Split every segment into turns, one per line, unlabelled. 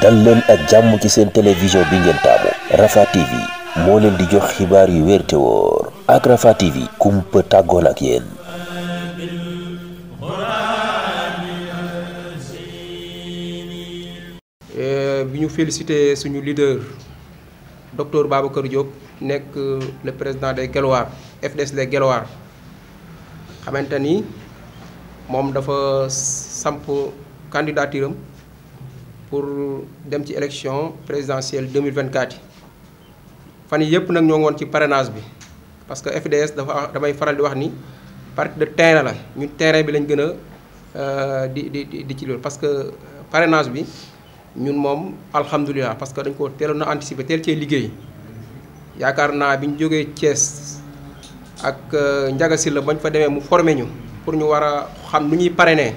dal ak jàmm ci seen télévision bi ngeen taamu Rafah TV moo leen di jox xibaar yu wér te wóor ak Rafah TV kumpa tàggoon ak yéen. Eh, bi ñu félicité suñu leader docteur Babacar Diop nekk euh, le président des Guelwaar FDS les Guelwaar xamante ni moom dafa samp candidature pour dem ci élection présidentielle 2024 yi fan yëpp nag ñoo ngi woon ci parrainage bi parce que FDS dafa damay faral di wax ni parti de terrain la ñu terrain bi lañ gën a euh, di di di ci loolu. parce que parrainage bi ñun moom alhamdulilah parce que dañ ko teeloon a anticiper teel cee liggéey yaakaar naa bi ñu jógee Thiès ak euh, Ndiaga Sylla bañ fa demee mu formé ñu pour ñu war a xam nu ñuy pare parrainer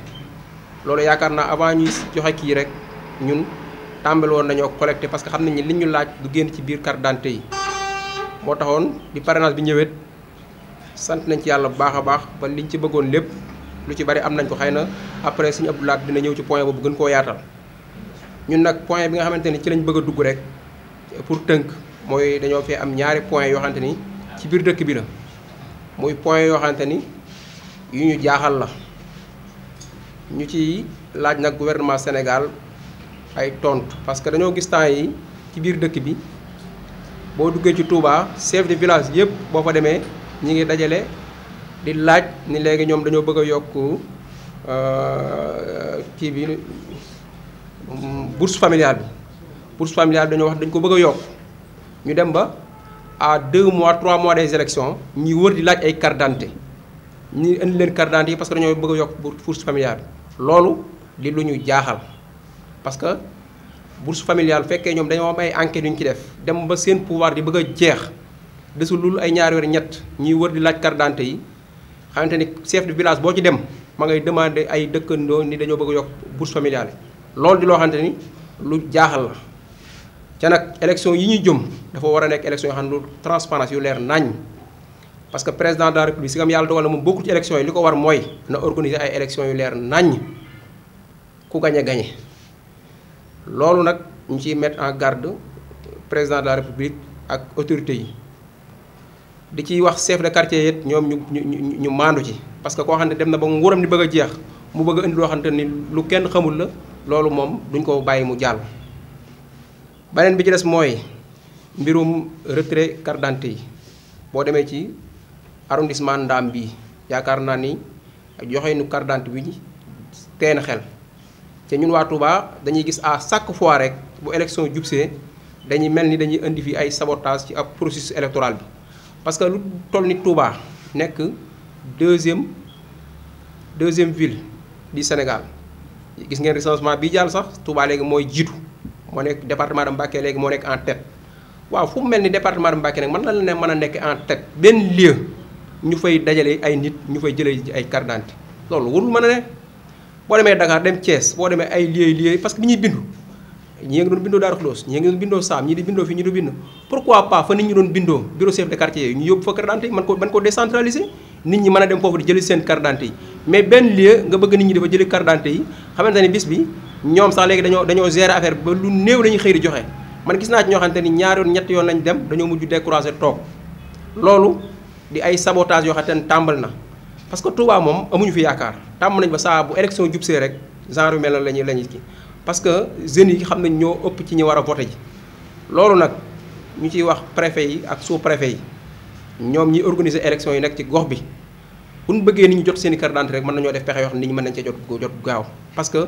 loolu yaakaar naa avant ñuy joxe kii rek. ñun tàmbali woon nañoo collecté parce que xam nañ li ñu laaj du génn ci biir carte d'identité yi moo taxoon bi parrainage bi ñëwee sant nañ ci yàlla bu baax a baax ba liñ ci bëggoon lépp lu ci bari am nañ ko xay na après suñu abdoulaat dina ñëw ci point boobu gën koo yaatal ñun nag point bi nga xamante ni ci lañ bëgg a dugg rek pour tënk mooy dañoo fee am ñaari point yoo xamante ni ci biir dëkk bi na muy point yoo xamante ni yu ñu jaaxal la ñu ci laaj nag gouvernement Sénégal ay tont parce que dañoo gis temps yi ci biir dëkk bi boo duggee ci Touba chef de village yëpp boo fa demee ñi ngi dajale di laaj ni léegi ñoom dañoo bëgg a yokk euh, kii bi bourse familiale bi bourse familiale bi dañoo wax dañ ko bëgg a yokk ñu dem ba à deux mois trois mois de élections ñuy wër di laaj ay carte d'identité ñu indi leen carte d'identité yi parce que dañoo bëgg a yokk bourse familiale bi loolu li lu ñu jaaxal parce que bourse familiale fekkee ñoom dañoo am ay enquêtes yu ñu ci def dem ba seen pouvoir di bëgg a jeex desul lul ay ñaari weer ñett ñiy wër di laaj carte d'identité yi xamante ni chef de village boo ci dem ma ngay demande ay dëkkandoo ni dañoo bëgg a yokk bourse familiale loolu di loo xamante ni lu jaaxal la ca nag élection yi ñuy jëm dafa war a nekk élection yoo xam ne lu transparence yu leer nañ parce que président de la république si nga yàlla dogal na moom bokkul ci élection yi li ko war mooy na organiser ay élection yu leer nañ ku gañe gañe loolu nag ñu ciy mettre en garde président de la république ak autorité yi di ciy wax chef de quartier ñoom ñu ñu ñu maandu ci. parce que koo xam ne dem na ba nguuram ni bëgg a jeex mu bëgg a indi loo xamante ni lu kenn xamul la loolu moom duñ ko bàyyi mu jàll. beneen bi ci des mooy mbirum retrait carte d'identité yi boo demee ci arrondissement Ndam bi yaakaar naa ni joxe nu carte d'identité bi teen xel. te ñun waa Touba dañuy gis à chaque fois rek bu élection jubsee dañuy mel ni dañuy indi fi ay sabotage ci ab processus électoral bi parce que lu toll ni Touba nekk deuxième deuxième ville di Sénégal gis ngeen recensement bi jàll sax Touba léegi mooy jiitu moo nekk département de Mbacké léegi moo nekk en tête waaw fu mel ni département de Mbacké nag mën na la ne mën a nekk en tête benn lieu ñu fay dajale ay nit ñu fay jëlee ay carte loolu boo demee Dakar dem Thiès boo demee ay lieux lieux parce bi ñuy bindu ñii nga doon bindoo Daaru Xudoos ñii nga doon bindoo Saam ñii di bindoo fii ñu du bind pourquoi pas fa nit ñi doon bindoo bureau chef de quartier yi ñu yóbbu fa carte d'identité yi man ko man ko décentraliser nit ñi mën a dem foofu di jëli seen carte d'identité yi mais benn lieu nga bëgg nit ñi dafa jëli carte d'identité yi xamante ne bis bi ñoom sax léegi dañoo dañoo gérer affaire ba lu néew la ñuy xëy di joxe man naa ci ñoo ni ñaar ñett yoon lañ dem dañoo mujj décourager toog loolu di ay sabotage yoo xamante ne tàmbal na parce que Touba moom amuñu fi yaakaar tàmm nañ ba saa bu élection jubsee rek genre yu mel noonu la ñuy la ñuy kii parce que jeunes yi xam nañ ñoo ëpp ci ñi war a voté ji loolu nag ñu ciy wax préfet yi ak sous préfet yi ñoom ñi organiser élection yi nekk ci gox bi bu ñu bëggee ni ñu jot seen i carte mën nañoo def pexe yoo xam ni ñu mën nañ cee jot jot gaaw parce que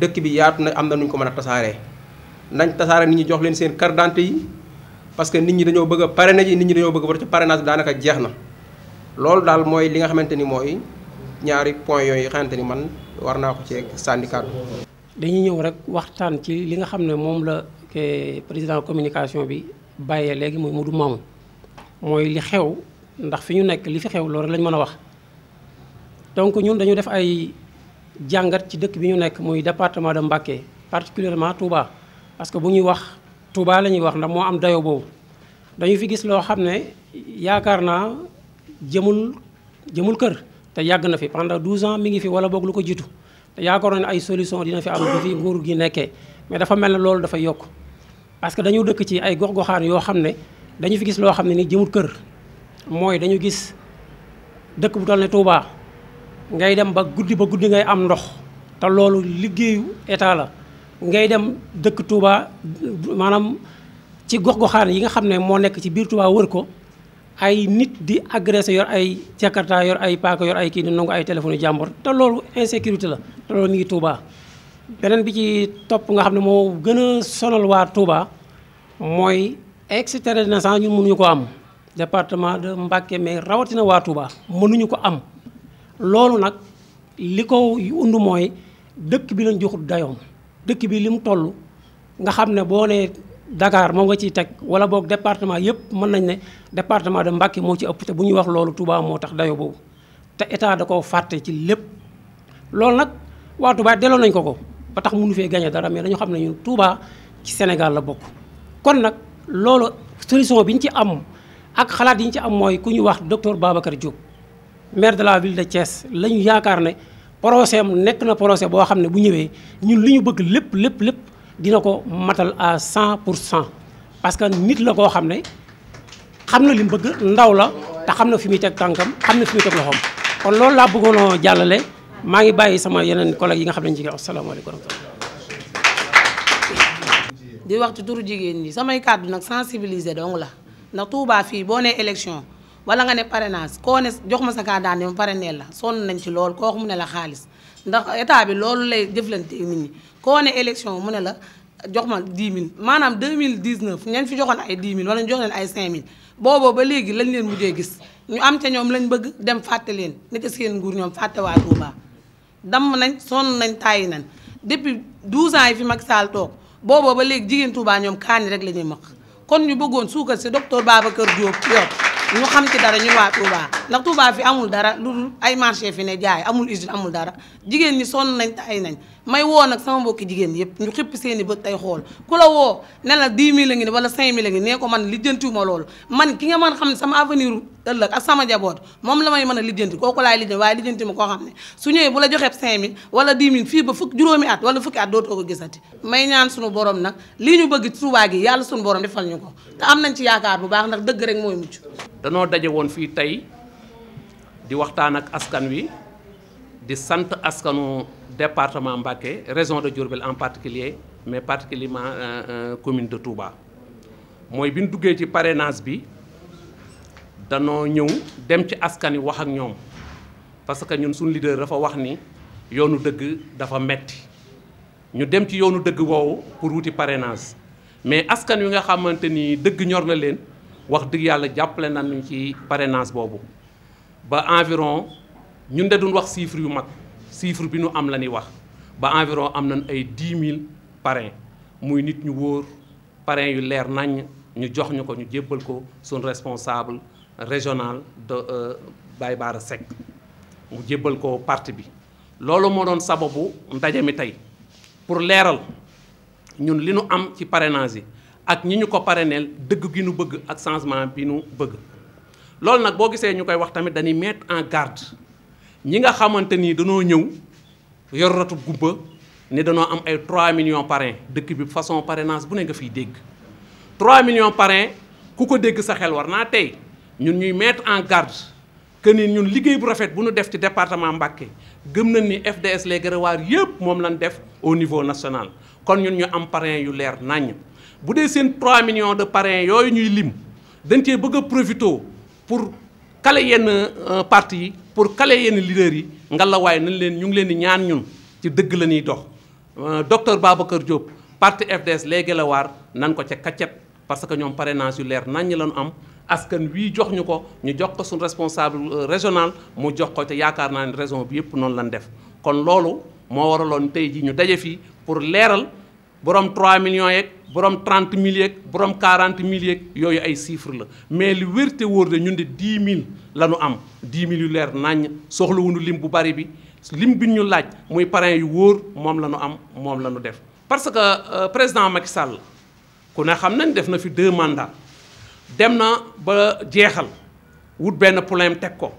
dëkk bi yaatu na am na nu ñu ko mën a tasaaree nañ tasaare nit ñi jox leen seen carte d'identité yi parce que nit ñi dañoo bëgg a parrainage nit ñi dañoo bëgg a voté ci parrainage bi daanaka jeex na loolu daal mooy li nga xamante ni mooy ñaari point yooyu nga xamante ni man war naa ko ci sànni kàddu
dañuy ñëw rek waxtaan ci li nga xam ne moom la président communication bi bàyyee léegi muy Modou Mamoun mooy li xew ndax fi ñu nekk li fi xew loolu lañ mën a wax donc ñun dañu def ay jàngat ci dëkk bi ñu nekk muy département de Mbacké particulièrement Touba parce que bu ñuy wax tubaa lañuy wax ndax moo am dayo boobu dañu fi gis loo xam ne yaakaar jëmul jëmul kër te yàgg na fi pendant 12 ans mi ngi fi wala boog lu ko jiitu te yaakaaroon ne ay solution dina fi am bi fi nguur gi nekkee mais dafa mel ne loolu dafa yokk parce que dañu dëkk ci ay gox-goxaan yoo xam ne dañu fi gis loo xam ne ni jëmul kër mooy dañu gis dëkk bu toll ne Touba ngay dem ba guddi ba guddi ngay am ndox te loolu liggéeyu état la ngay dem dëkk Touba maanaam ci gox-goxaan yi nga xam ne moo nekk ci biir Touba wër ko ay nit di agressé yor ay jakarta yor ay paaka yor ay kii di nangu ay téléphone yu te loolu insécurité la te loolu mi ngi Touba. beneen bi ci topp nga xam ne moo gën a sonal waa Touba mooy extrait de naissance ñun mënuñu ko am département de Mbacké mais rawatina waa Touba mënuñu ko am loolu nag li ko und mooy dëkk bi lañ joxut dayoom dëkk bi li mu toll nga xam ne boo nee dakaar moom nga ciy teg wala boog département yëpp mën nañ ne département de Mbacké moo ci ëpp te bu ñuy wax loolu Touba moo tax dayo boobu te état da koo fàtte ci lépp loolu nag waa Touba delloo nañ ko ko ba tax munu fee gagné dara mais dañu xam ne ñun Touba ci Sénégal la bokk kon nag loolu solution bi ñu ci am ak xalaat yi ñu ci am mooy ku ñu wax docteur Babacar Diop maire de la ville de Thiès la ñu yaakaar ne projet am nekk na projet boo xam ne bu ñëwee ñun li ñu bëgg lépp lépp lépp dina ko matal à cent pour cent parce que nit la koo xam ne xam na li mu bëgg ndaw la te xam na fi muy teg tànkam xam na fi muy teg loxoom kon loolu laa bëggoonoo jàllale maa ngi bàyyi sama yeneen collègues yi nga xam ne ñu ngi wax salaamaaleykum wa rahmatulah.
di wax ci turu jigéen ñi samay kàddu nag sensibiliser dong la ndax Touba fii boo nee élection wala nga ne parrainage koo ne jox ma sa kàddaa ne pare parrainel la sonn nañ ci lool koo xam ne la xaalis. ndax état bi loolu lay jëflante nit ñi koo wane élection mu ne la jox ma 10 000 maanaam 2019 ñañ fi joxoon ay 10 000 wala ñu jox leen ay 5 000 booboo ba léegi lañ leen mujjee gis ñu am ca ñoom lañ bëgg dem fàtte leen ni ca seen nguur ñoom fàtte waa Touba. damm nañ sonn nañ tàyyi nañ depuis 12 ans yi fi mag Sall toog booboo ba léegi jigéen Touba ñoom kaani rek la ñuy maq kon ñu bëggoon suukar si docteur Babacar Diop yor ñu xam ci dara ñu waa Touba. ndax Touba fi amul dara lu dul ay marché fi ne jaay amul usine amul dara jigéen ñi sonn nañ te ay nañ may woo nag sama mbokki jigéen yëpp ñu xëpp seen i tey xool ku la woo ne la 10 000 la ngi ne wala 5 000 ngi ne ko man lijjantiwuma loolu man ki nga mën xam ne sama avenir ëllëg ak sama jaboot moom la may mën a lijjanti kooku laay lijjanti waaye lijjanti ma koo xam ne su ñëwee bu la joxee 5000 wala 10 000 fii ba fukk juróomi at wala fukki at dootoo ko gisati may ñaan suñu borom nag lii ñu bëgg ci Touba gi yàlla suñu borom defal ñu ko te am nañ ci yaakaar bu baax ndax dëgg rek mooy mucc
danoo daje woon fii tey di waxtaan ak askan wi di sant askanu département Mbacké région de Diourbel en particulier mais particulièrement euh, euh, commune de Touba mooy bi ñu duggee ci parrainage bi danoo ñëw dem ci askan wi wax ak ñoom parce que ñun suñu leader dafa wax ni yoonu dëgg dafa metti ñu dem ci yoonu dëgg woowu pour wuti parrainage mais askan wi nga xamante ni dëgg ñor na leen wax dëgg yàlla jàppale nañu ci parrainage boobu ba environ ñun de duñ wax chiffre yu mag chiffre bi ñu am la ñuy wax ba environ am nañ ay dix mille parrains muy nit ñu wóor parrains yu leer naññ ñu jox ñu ko ñu jébbal ko suñ responsable régional de euh, Baye Bara Seck mu jébbal ko parti bi loolu moo doon sababu ndaje mi tey pour leeral ñun li nu am ci parrainage yi ak ñi ñu ko parraineel dëgg bi nu bëgg ak changement bi nu bëgg loolu nag boo gisee ñu koy wax tamit dañuy mettre en garde ñi nga xamante ni danoo ñëw yor ratu gubba ni danoo am ay trois millions parrain dëkk bi façon parrainage bu ne nga fiy dégg trois millions parrain ku ko dégg sa xel war naa tey ñun ñuy mettre en garde que ni ñun liggéey bu rafet bu nu def ci département Mbacké gëm na ni FDS les Guéréwaar yëpp moom lañ def au niveau national kon ñun ñu am parrain yu leer naññ bu dee seen 3 millions de parrain yooyu ñuy lim dañ cee bëgg a profité pour kale yenn euh, parti yi pour kale yenn leader yi nga la waaye nañ leen ñu ngi leen di ñaan ñun ci dëgg la ñuy dox euh, docteur Babacar Diop parti FDS léegi la waar nan ko ca kaccet parce que ñoom pare naa yu leer nañ lañu am askan wii jox ñu ko ñu jox ko suñu responsable euh, régional mu jox ko te yaakaar naa ni résion bi yëpp noonu lañ def kon loolu moo waraloon tey ji ñu daje fii pour leeral borom 3 millions yeeg borom 30 mille yeeg borom 40 mille yooyu ay chiffre la mais li wér te wóor de ñun di 10 000 la ñu am 10 000 yu leer naññ soxlawuñu lim bu bari bi lim bi ñu laaj muy parrain yu wóor moom la ñu am moom la ñu def. parce que euh, président Macky Sall ku ne xam nañ def na fi deux mandats dem na ba jeexal wut benn problème teg ko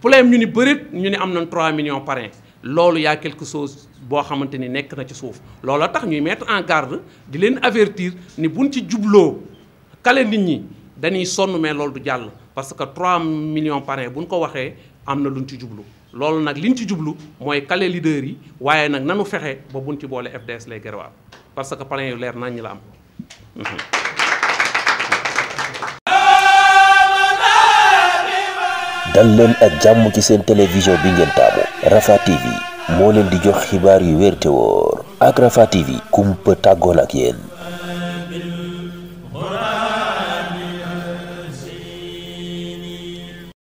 problème ñu ni bërit ñu ni am nañ 3 millions parrain loolu yaa quelque chose. boo xamante ni nekk na ci suuf loolu tax ñuy mettre en garde di leen avertir ni buñ ci jubloo kale nit ñi dañuy sonn mais loolu du jàll parce que 3 millions bu buñ ko waxee am na luñ ci jublu loolu nag liñ ci jublu mooy kale leader yi waaye nag nanu fexe ba buñ ci boole FDS lay gërëwaat parce que parrain yu leer nañ ñi la am.
dal leen ak jàmm ci seen télévision bi ngeen taamu Rafah TV. moo leen di jox xibaar yu wér te wóor Rafah TV kumpa tàggoon ak yen